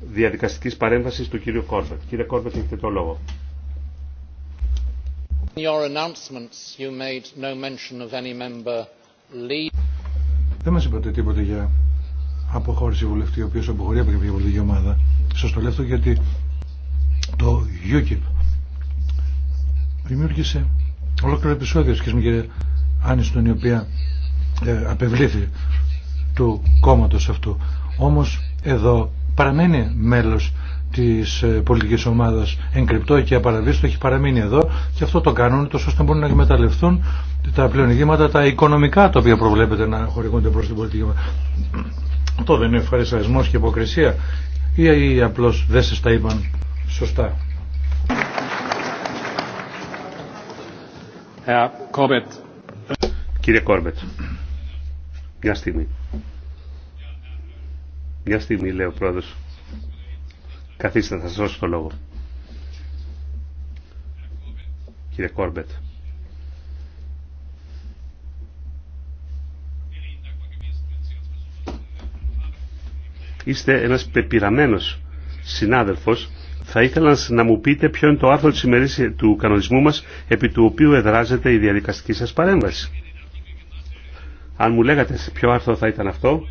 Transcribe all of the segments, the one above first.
διαδικαστικής παρέμβασης του κύριου Κόρβετ. Κύριε Κόρβετ, έχετε το λόγο. Δεν μας είπατε τίποτα για αποχώρηση βουλευτή, ο οποίος αποχωρεί από κάποια βουλευτική ομάδα. Σας το λέω αυτό γιατί το UKIP δημιούργησε ολόκληρο επεισόδιο σχέση με κύριε Άνιστον η οποία ε, απευλήθη του κόμματος αυτού. Όμως εδώ παραμένει μέλος της ε, πολιτικής ομάδας εγκρυπτό και απαραβίστο έχει παραμείνει εδώ και αυτό το κάνουν τόσο ώστε μπορούν να εκμεταλλευτούν τα πλεονεκτήματα τα οικονομικά τα οποία προβλέπεται να χορηγούνται προς την πολιτική ομάδα. Αυτό δεν είναι ευχαριστασμός και υποκρισία ή, απλώ απλώς δεν τα είπαν σωστά. Κύριε Κόρμπετ, μια στιγμή. Μια στιγμή λέει ο πρόεδρος. Καθίστε, θα σας δώσω το λόγο. Κύριε Κόρμπετ. Είστε ένας πεπειραμένος συνάδελφος. Θα ήθελα να μου πείτε ποιο είναι το άρθρο της ημερής του κανονισμού μας επί του οποίου εδράζεται η διαδικαστική σας παρέμβαση. Αν μου λέγατε ποιο άρθρο θα ήταν αυτό,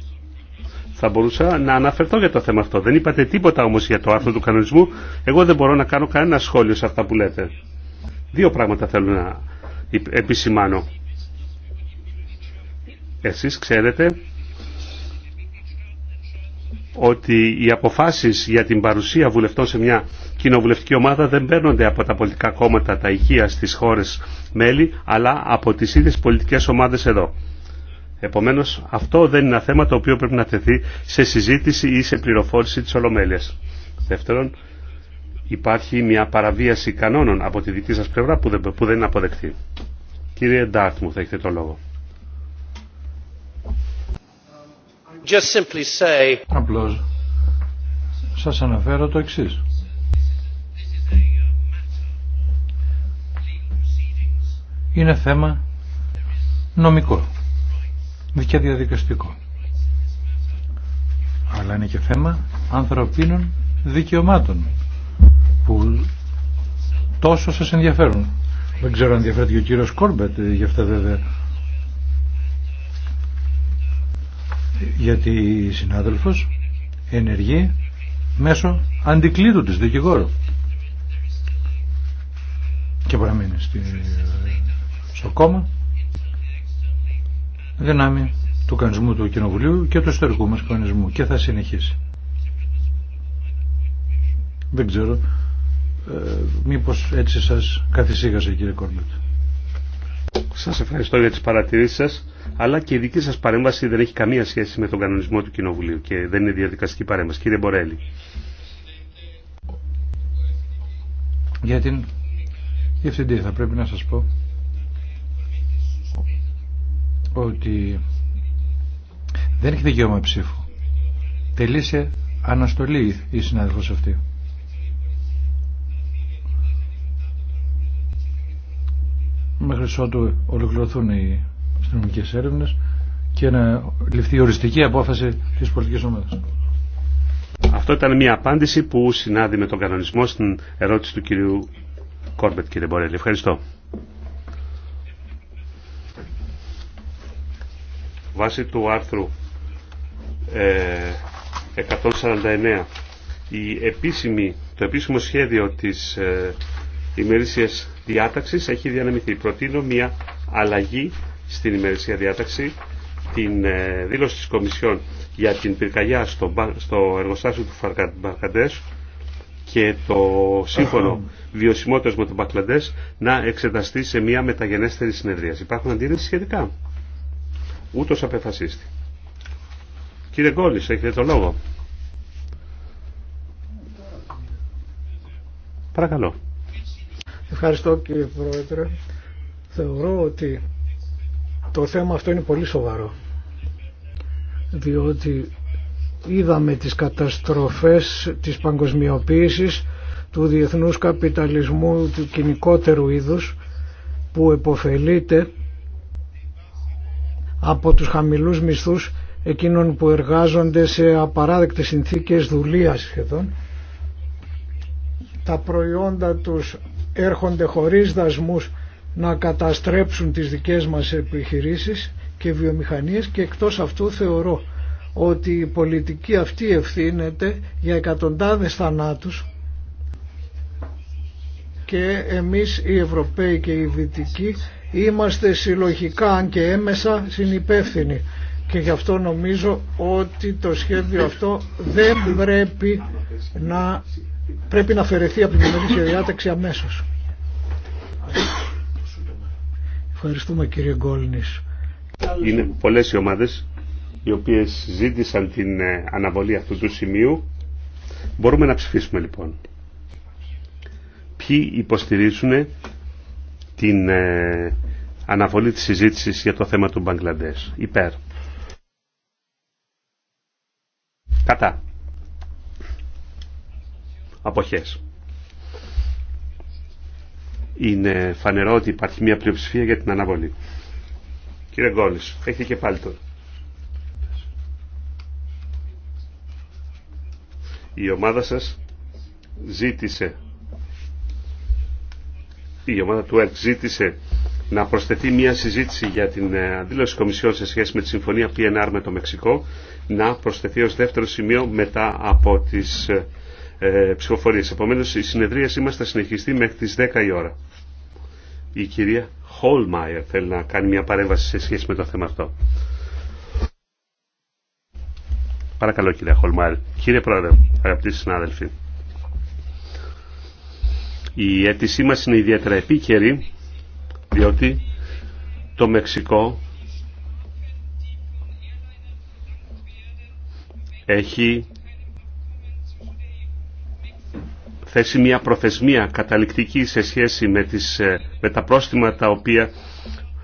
θα μπορούσα να αναφερθώ για το θέμα αυτό. Δεν είπατε τίποτα όμως για το άρθρο του κανονισμού. Εγώ δεν μπορώ να κάνω κανένα σχόλιο σε αυτά που λέτε. Δύο πράγματα θέλω να επισημάνω. Εσείς ξέρετε ότι οι αποφάσεις για την παρουσία βουλευτών σε μια κοινοβουλευτική ομάδα δεν παίρνονται από τα πολιτικά κόμματα τα ηχεία στις χώρες μέλη, αλλά από τις ίδιες πολιτικές ομάδες εδώ. Επομένως αυτό δεν είναι ένα θέμα το οποίο πρέπει να τεθεί σε συζήτηση ή σε πληροφόρηση τη ολομέλεια. Δεύτερον, υπάρχει μια παραβίαση κανόνων από τη δική σα πλευρά που δεν, είναι αποδεκτή. Κύριε Ντάρτμου, θα έχετε το λόγο. Just simply Απλώς σας αναφέρω το εξής. Είναι θέμα νομικό και διαδικαστικό. Αλλά είναι και θέμα ανθρωπίνων δικαιωμάτων που τόσο σας ενδιαφέρουν. Δεν ξέρω αν ενδιαφέρεται και ο κύριος Κόρμπετ ε, για αυτά βέβαια. Γιατί η συνάδελφος ενεργεί μέσω αντικλείδου της δικηγόρου. Και παραμείνει στο κόμμα δυνάμει του κανονισμού του Κοινοβουλίου και του ιστορικού μας κανονισμού και θα συνεχίσει. Δεν ξέρω ε, μήπως έτσι σας καθησύγασε κύριε Κόρμπετ. Σας ευχαριστώ για τις παρατηρήσεις σας, αλλά και η δική σας παρέμβαση δεν έχει καμία σχέση με τον κανονισμό του Κοινοβουλίου και δεν είναι διαδικαστική παρέμβαση. Κύριε Μπορέλη. Για την ευθυντή θα πρέπει να σας πω ότι δεν έχει δικαίωμα ψήφου. Τελείσε αναστολή η συνάδελφος αυτή. Μέχρι ότου ολοκληρωθούν οι αστυνομικές έρευνες και να ληφθεί η οριστική απόφαση της πολιτικής ομάδας. Αυτό ήταν μια απάντηση που συνάδει με τον κανονισμό στην ερώτηση του κυρίου Κόρμπετ, κύριε Μπορέλη. Ευχαριστώ. Βάσει του άρθρου 149 ε, η επίσημη, το επίσημο σχέδιο της ε, ημερήσιας διάταξης έχει διανεμηθεί. Προτείνω μια αλλαγή στην ημερήσια διάταξη την ε, δήλωση της Κομισιόν για την πυρκαγιά στο, στο εργοστάσιο του Μπαρκαντές και το σύμφωνο βιωσιμότητας με τον Μπακλαντές να εξεταστεί σε μια μεταγενέστερη συνεδρίαση. Υπάρχουν αντίρρηση σχετικά ούτως απεφασίστη. Κύριε Γκόλης, έχετε το λόγο. Παρακαλώ. Ευχαριστώ κύριε Πρόεδρε. Θεωρώ ότι το θέμα αυτό είναι πολύ σοβαρό. Διότι είδαμε τις καταστροφές της παγκοσμιοποίησης του διεθνούς καπιταλισμού του κοινικότερου είδους που επωφελείται από τους χαμηλούς μισθούς εκείνων που εργάζονται σε απαράδεκτες συνθήκες δουλείας σχεδόν. Τα προϊόντα τους έρχονται χωρίς δασμούς να καταστρέψουν τις δικές μας επιχειρήσεις και βιομηχανίες και εκτός αυτού θεωρώ ότι η πολιτική αυτή ευθύνεται για εκατοντάδες θανάτους και εμείς οι Ευρωπαίοι και οι Δυτικοί είμαστε συλλογικά αν και έμεσα συνυπεύθυνοι και γι' αυτό νομίζω ότι το σχέδιο αυτό δεν πρέπει να πρέπει να αφαιρεθεί από την κοινωνική διάταξη αμέσως. Ευχαριστούμε κύριε Γκόλνης. Είναι πολλές οι ομάδες οι οποίες ζήτησαν την ε, αναβολή αυτού του σημείου. Μπορούμε να ψηφίσουμε λοιπόν ποιοι υποστηρίζουν την ε, αναβολή της συζήτησης για το θέμα του Μπαγκλαντές. Υπέρ. Κατά. Αποχές. Είναι φανερό ότι υπάρχει μια πλειοψηφία για την αναβολή. Κύριε Γκόλης, έχετε και πάλι Η ομάδα σας ζήτησε η ομάδα του ΕΡΚ ζήτησε να προσθεθεί μια συζήτηση για την ε, αντίλωση Κομισιόν σε σχέση με τη συμφωνία PNR με το Μεξικό να προσθεθεί ως δεύτερο σημείο μετά από τις ε, ε ψηφοφορίες. Επομένως η συνεδρία μας θα συνεχιστεί μέχρι τις 10 η ώρα. Η κυρία Χόλμαϊερ θέλει να κάνει μια παρέμβαση σε σχέση με το θέμα αυτό. Παρακαλώ κυρία Χολμάιερ. Κύριε Πρόεδρε, αγαπητοί συνάδελφοι. Η αίτησή μας είναι ιδιαίτερα επίκαιρη, διότι το Μεξικό έχει θέσει μια προθεσμία καταληκτική σε σχέση με, τις, ε, με τα πρόστιμα τα οποία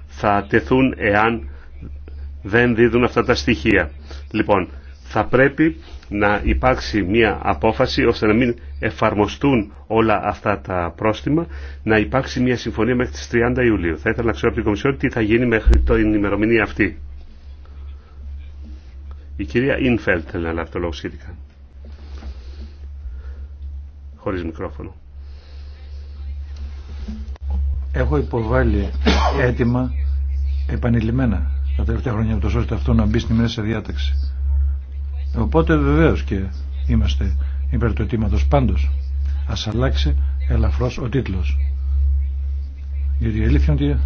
θα τεθούν εάν δεν δίδουν αυτά τα στοιχεία. Λοιπόν, θα πρέπει να υπάρξει μια απόφαση ώστε να μην εφαρμοστούν όλα αυτά τα πρόστιμα, να υπάρξει μια συμφωνία μέχρι τις 30 Ιουλίου. Θα ήθελα να ξέρω από την Κομισιόν τι θα γίνει μέχρι την ημερομηνία αυτή. Η κυρία Ινφέλτ θέλει να λάβει το λόγο σχετικά. Χωρίς μικρόφωνο. Έχω υποβάλει έτοιμα επανειλημμένα τα τελευταία χρόνια από το αυτό να μπει στη μέσα σε διάταξη. Οπότε βεβαίω και είμαστε υπέρ του αιτήματο πάντω. Α αλλάξει ελαφρώ ο τίτλο. Γιατί είναι ότι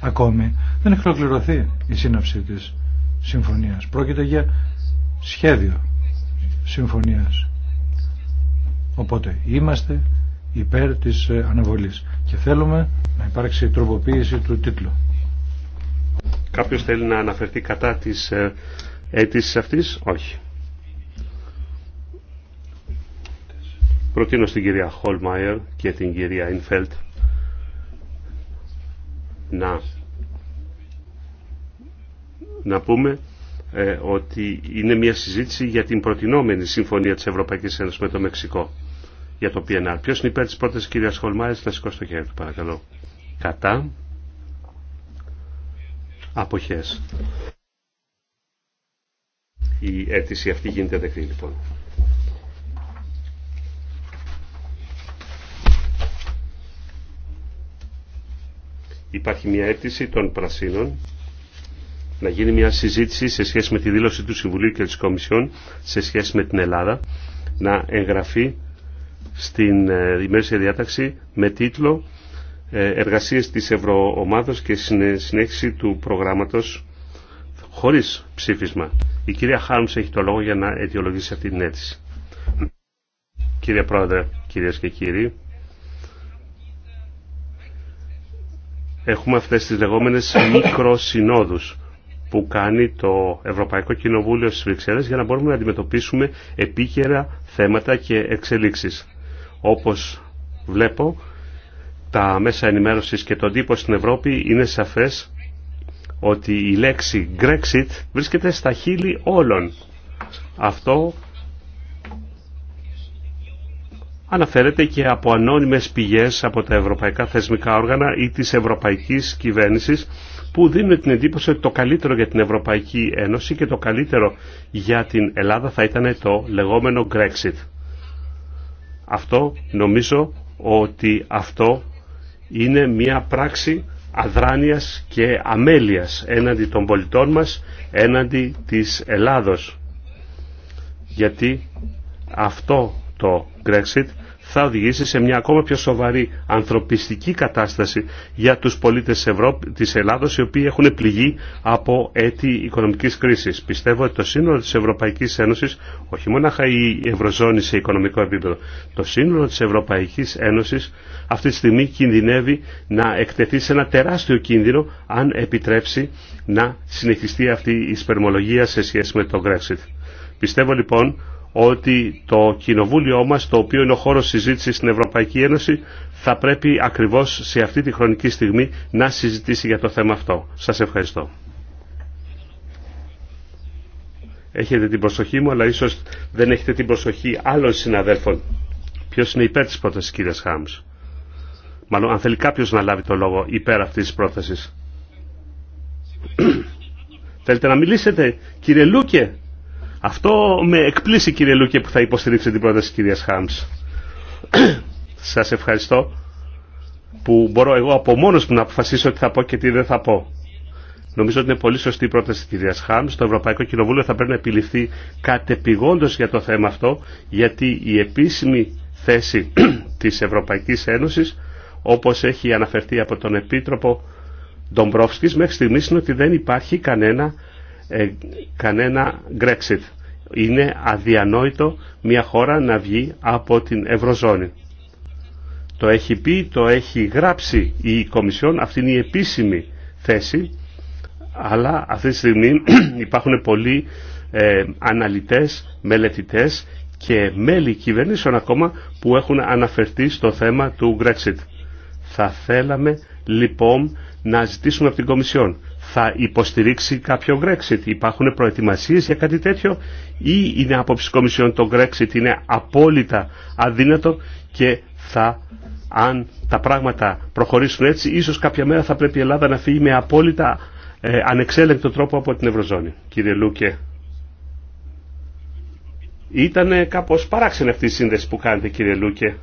ακόμη δεν έχει ολοκληρωθεί η σύναψη τη συμφωνία. Πρόκειται για σχέδιο συμφωνία. Οπότε είμαστε υπέρ της ε, αναβολής και θέλουμε να υπάρξει τροποποίηση του τίτλου. Κάποιος θέλει να αναφερθεί κατά της ε, αίτησης αυτής. Όχι. Προτείνω στην κυρία Χολμάιερ και την κυρία Ινφέλτ να, να πούμε ε, ότι είναι μια συζήτηση για την προτινόμενη συμφωνία της Ευρωπαϊκής Ένωσης με το Μεξικό για το PNR. Ποιος είναι υπέρ της πρότασης κυρίας Χόλμαιερ θα σηκώσει το χέρι του παρακαλώ. Κατά. Αποχές. Η αίτηση αυτή γίνεται δεκτή λοιπόν. υπάρχει μια αίτηση των πρασίνων να γίνει μια συζήτηση σε σχέση με τη δήλωση του Συμβουλίου και της Κομισιόν σε σχέση με την Ελλάδα να εγγραφεί στην δημόσια ε, διάταξη με τίτλο ε, «Εργασίες της Ευρωομάδος και συνέχιση του προγράμματος χωρίς ψήφισμα». Η κυρία Χάρμς έχει το λόγο για να αιτιολογήσει αυτή την αίτηση. Κύριε Πρόεδρε, κυρίες και κύριοι, έχουμε αυτές τις λεγόμενες μικροσυνόδους που κάνει το Ευρωπαϊκό Κοινοβούλιο στις Βρυξέλλες για να μπορούμε να αντιμετωπίσουμε επίκαιρα θέματα και εξελίξεις. Όπως βλέπω, τα μέσα ενημέρωσης και τον τύπο στην Ευρώπη είναι σαφές ότι η λέξη Brexit βρίσκεται στα χείλη όλων. Αυτό αναφέρεται και από ανώνυμες πηγές από τα ευρωπαϊκά θεσμικά όργανα ή της ευρωπαϊκής κυβέρνησης που δίνουν την εντύπωση ότι το καλύτερο για την Ευρωπαϊκή Ένωση και το καλύτερο για την Ελλάδα θα ήταν το λεγόμενο Brexit. Αυτό νομίζω ότι αυτό είναι μια πράξη αδράνειας και αμέλειας έναντι των πολιτών μας, έναντι της Ελλάδος. Γιατί αυτό το Brexit θα οδηγήσει σε μια ακόμα πιο σοβαρή ανθρωπιστική κατάσταση για τους πολίτες της, Ευρώπη, της Ελλάδος οι οποίοι έχουν πληγεί από έτη οικονομικής κρίσης. Πιστεύω ότι το σύνολο της Ευρωπαϊκής Ένωσης, όχι μόνο η Ευρωζώνη σε οικονομικό επίπεδο, το σύνολο της Ευρωπαϊκής Ένωσης αυτή τη στιγμή κινδυνεύει να εκτεθεί σε ένα τεράστιο κίνδυνο αν επιτρέψει να συνεχιστεί αυτή η σπερμολογία σε σχέση με το Brexit. Πιστεύω λοιπόν ότι το κοινοβούλιο μας, το οποίο είναι ο χώρος συζήτησης στην Ευρωπαϊκή Ένωση, θα πρέπει ακριβώς σε αυτή τη χρονική στιγμή να συζητήσει για το θέμα αυτό. Σας ευχαριστώ. Έχετε την προσοχή μου, αλλά ίσως δεν έχετε την προσοχή άλλων συναδέλφων. Ποιος είναι υπέρ της πρότασης, κύριε Χάμς. Μάλλον, αν θέλει κάποιος να λάβει το λόγο υπέρ αυτής της πρότασης. Θέλετε να μιλήσετε, κύριε Λούκε. Αυτό με εκπλήσει κύριε Λούκε που θα υποστηρίξετε την πρόταση της κυρίας Χάμς. Σας ευχαριστώ που μπορώ εγώ από μόνος μου να αποφασίσω τι θα πω και τι δεν θα πω. Νομίζω ότι είναι πολύ σωστή η πρόταση της κυρίας Χάμ. Το Ευρωπαϊκό Κοινοβούλιο θα πρέπει να επιληφθεί κατεπηγόντως για το θέμα αυτό, γιατί η επίσημη θέση της Ευρωπαϊκής Ένωσης, όπως έχει αναφερθεί από τον Επίτροπο Ντομπρόφσκης, μέχρι στιγμής είναι ότι δεν υπάρχει κανένα ε, κανένα Brexit. Είναι αδιανόητο μια χώρα να βγει από την Ευρωζώνη. Το έχει πει, το έχει γράψει η Κομισιόν, αυτή είναι η επίσημη θέση, αλλά αυτή τη στιγμή υπάρχουν πολλοί ε, αναλυτές, μελετητές και μέλη κυβερνήσεων ακόμα που έχουν αναφερθεί στο θέμα του Brexit. Θα θέλαμε λοιπόν να ζητήσουμε από την Κομισιόν. Θα υποστηρίξει κάποιο Brexit. Υπάρχουν προετοιμασίες για κάτι τέτοιο ή είναι άποψη Κομισιόν το Brexit είναι απόλυτα αδύνατο και θα αν τα πράγματα προχωρήσουν έτσι, ίσως κάποια μέρα θα πρέπει η Ελλάδα να φύγει με απόλυτα ε, ανεξέλεγκτο τρόπο από την Ευρωζώνη. Κύριε Λούκε, ήταν κάπως παράξενη αυτή η σύνδεση που κάνετε κύριε Λούκε.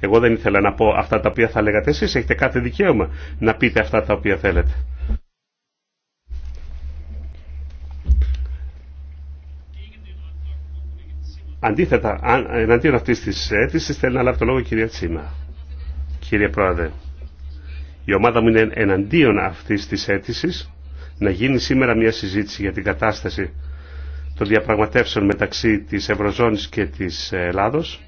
Εγώ δεν ήθελα να πω αυτά τα οποία θα λέγατε εσείς. Έχετε κάθε δικαίωμα να πείτε αυτά τα οποία θέλετε. Αντίθετα, εναντίον αυτή τη αίτηση θέλει να λάβει το λόγο η κυρία Τσίμα. Κύριε Πρόεδρε, η ομάδα μου είναι εναντίον αυτή τη αίτηση να γίνει σήμερα μια συζήτηση για την κατάσταση των διαπραγματεύσεων μεταξύ της Ευρωζώνης και της Ελλάδος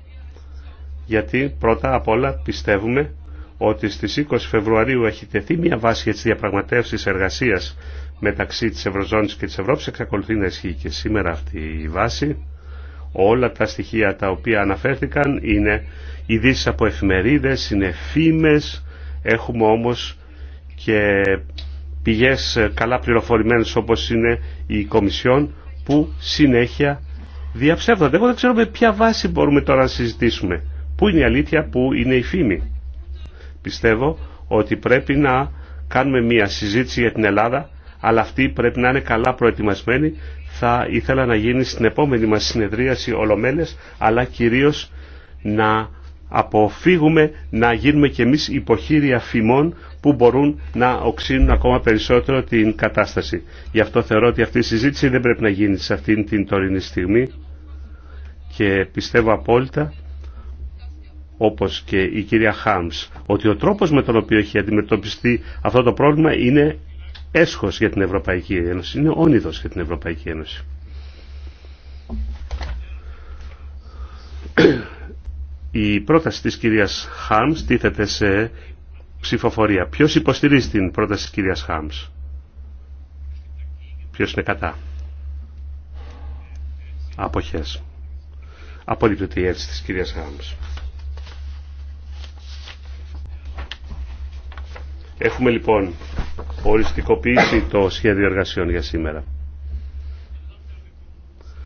γιατί πρώτα απ' όλα πιστεύουμε ότι στις 20 Φεβρουαρίου έχει τεθεί μια βάση για τις διαπραγματεύσεις εργασίας μεταξύ της Ευρωζώνης και της Ευρώπης, εξακολουθεί να ισχύει και σήμερα αυτή η βάση. Όλα τα στοιχεία τα οποία αναφέρθηκαν είναι ειδήσει από εφημερίδες, είναι φήμες, έχουμε όμως και πηγές καλά πληροφορημένες όπως είναι η Κομισιόν που συνέχεια διαψεύδονται. Εγώ δεν ξέρω με ποια βάση μπορούμε τώρα να συζητήσουμε. Πού είναι η αλήθεια, πού είναι η φήμη. Πιστεύω ότι πρέπει να κάνουμε μια συζήτηση για την Ελλάδα, αλλά αυτή πρέπει να είναι καλά προετοιμασμένη. Θα ήθελα να γίνει στην επόμενη μας συνεδρίαση ολομέλες, αλλά κυρίως να αποφύγουμε να γίνουμε κι εμείς υποχείρια φημών που μπορούν να οξύνουν ακόμα περισσότερο την κατάσταση. Γι' αυτό θεωρώ ότι αυτή η συζήτηση δεν πρέπει να γίνει σε αυτήν την τωρινή στιγμή και πιστεύω απόλυτα όπως και η κυρία Χάμς, ότι ο τρόπος με τον οποίο έχει αντιμετωπιστεί αυτό το πρόβλημα είναι έσχος για την Ευρωπαϊκή Ένωση, είναι όνειδος για την Ευρωπαϊκή Ένωση. Η πρόταση της κυρίας Χάμς τίθεται σε ψηφοφορία. Ποιος υποστηρίζει την πρόταση της κυρίας Χάμς. Ποιος είναι κατά. Αποχές. Απολύπτεται η έτσι της κυρίας Χάμς. Έχουμε λοιπόν οριστικοποιήσει το σχέδιο εργασιών για σήμερα.